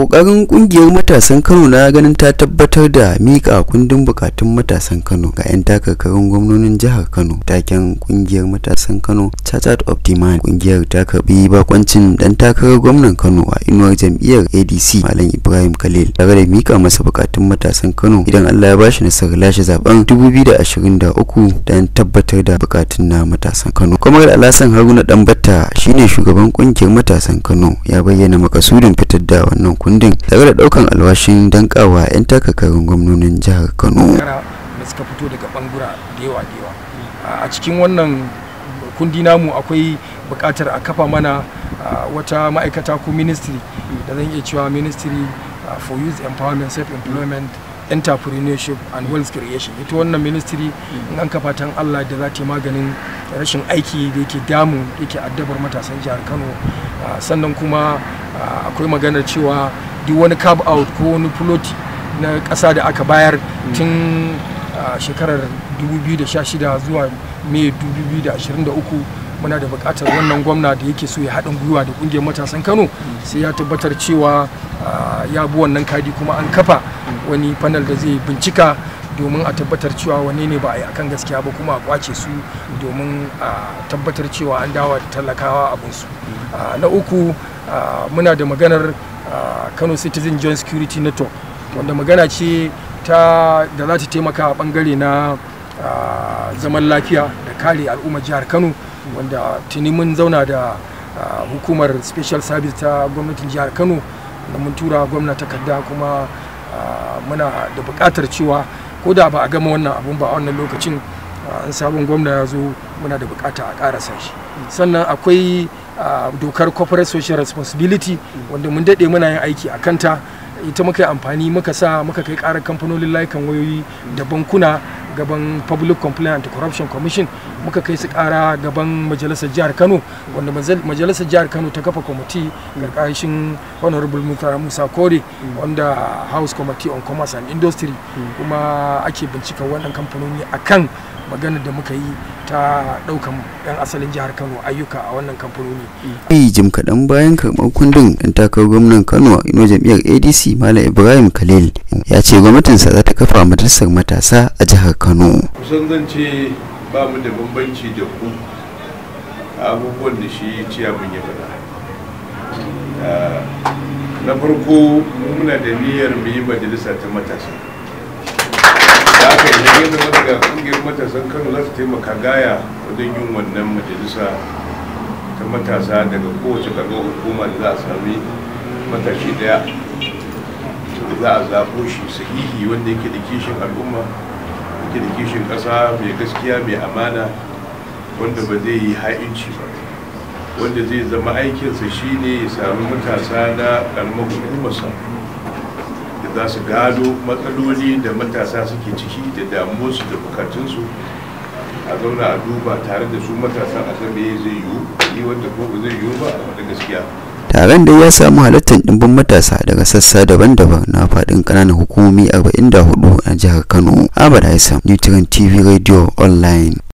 kokarin ƙungiyar matasan kano na ganin ta tabbatar da mika kundin bukatun matasan kano ga 'yan takarkarin gwamnonin jihar kano taken kungiyar matasan kano chartered of demand kungiyar ta karbi bakwancin dan takarar gwamnan kano a inuwar jam'iyyar adc malam ibrahim khalil tare da mika masa bukatun matasan kano idan allah ya bashi nasarar lashe zaben 2023 dan tabbatar da bukatun na matasan kano kamar alasan haruna danbatta shine shugaban ƙungiyar matasan kano ya bayyana makasudin fitar da wannan kundin tare da daukan alwashin dankawa 'yan takakarin gwamnonin jihar kano da suka fito daga bangura da yawa a cikin wannan kundi namu akwai bukatar a kafa mana wata ma'aikata ko ministry da zan iya cewa ministry for youth empowerment self employment entrepreneurship and wealth creation ita wannan ministry in an kafa tan Allah da za ta yi maganin rashin aiki da yake damu yake addabar matasan jihar Kano ah, sannan kuma ah, akwai maganar cewa duk wani cab out ko wani plot na ƙasa da aka bayar tun ah, shekarar 2016 zuwa mai 2023 muna da buƙatar wannan gwamna da yake so ya haɗin gwiwa da ƙungiyar matasan kano sai ya tabbatar cewa ah, ya bi wannan kadi kuma an kafa wani panel da zai bincika domin a tabbatar cewa wani ne ba a yi akan gaskiya ba kuma a kwace su domin a ah, tabbatar cewa an dawa talakawa abinsu ah, na uku muna da maganar kano citizen joint security network wanda magana ce ta da za ta taimaka a bangare na zaman lafiya da kare al'ummar jihar kano wanda tuni mun zauna da ah, hukumar special service ta gwamnatin jihar kano da mun tura gwamna takarda kuma ah, muna da buƙatar cewa ko da ba a gama wannan abun ba a wannan lokacin an ah, sabon gwamna ya zo muna da bukata a kara shi sannan akwai dokar corporate social responsibility wanda mun daɗe muna yin aiki a kanta ita muka yi amfani muka sa muka kai karar kamfanonin layukan wayoyi da bankuna gaban public complaint and corruption commission muka kai su kara gaban majalisar jihar kano wanda majalisar jihar kano ta kafa kwamiti karkashin honorable mutara musa kore wanda house committee on commerce and industry kuma ake bincika wannan kamfanoni kan magana da muka yi ta daukan 'yan asalin jihar kano ayyuka a wannan kamfanoni. yi jim kaɗan bayan karɓar kundin ɗan takar gwamnan kano a ino jam'iyyar adc malam ibrahim khalil ya ce gwamnatinsa za ta kafa majalisar matasa a jihar kano. kusan zan ce ba mu da bambanci da ku abubuwan da shi mun ya faɗa ah, na farko muna da niyyar mu yi majalisa ta matasa da aka yi da yadda daga kungiyar matasan kano za su taimaka gaya wajen yin wannan majalisa ta matasa daga kowace kaga hukuma da za a sami matashi daya za a zaɓo shi sahihi wanda yake da kishin al'umma yake da kishin ƙasa mai gaskiya mai amana wanda ba zai yi ha'inci ba wanda zai zama aikinsa shine ya sami matasa na ƙaramar hukumarsa da za su gado matsaloli da matasa suke ciki da damuwarsu da bukatunsu a zauna a duba tare da su matasa a zai yiwu ni wanda ko ba zai yiwu ba a gaskiya taron dai ya samu halartar dimbin matasa daga sassa daban-daban na faɗin ƙananan hukumomi 44 a jihar kano abada isam tv radio online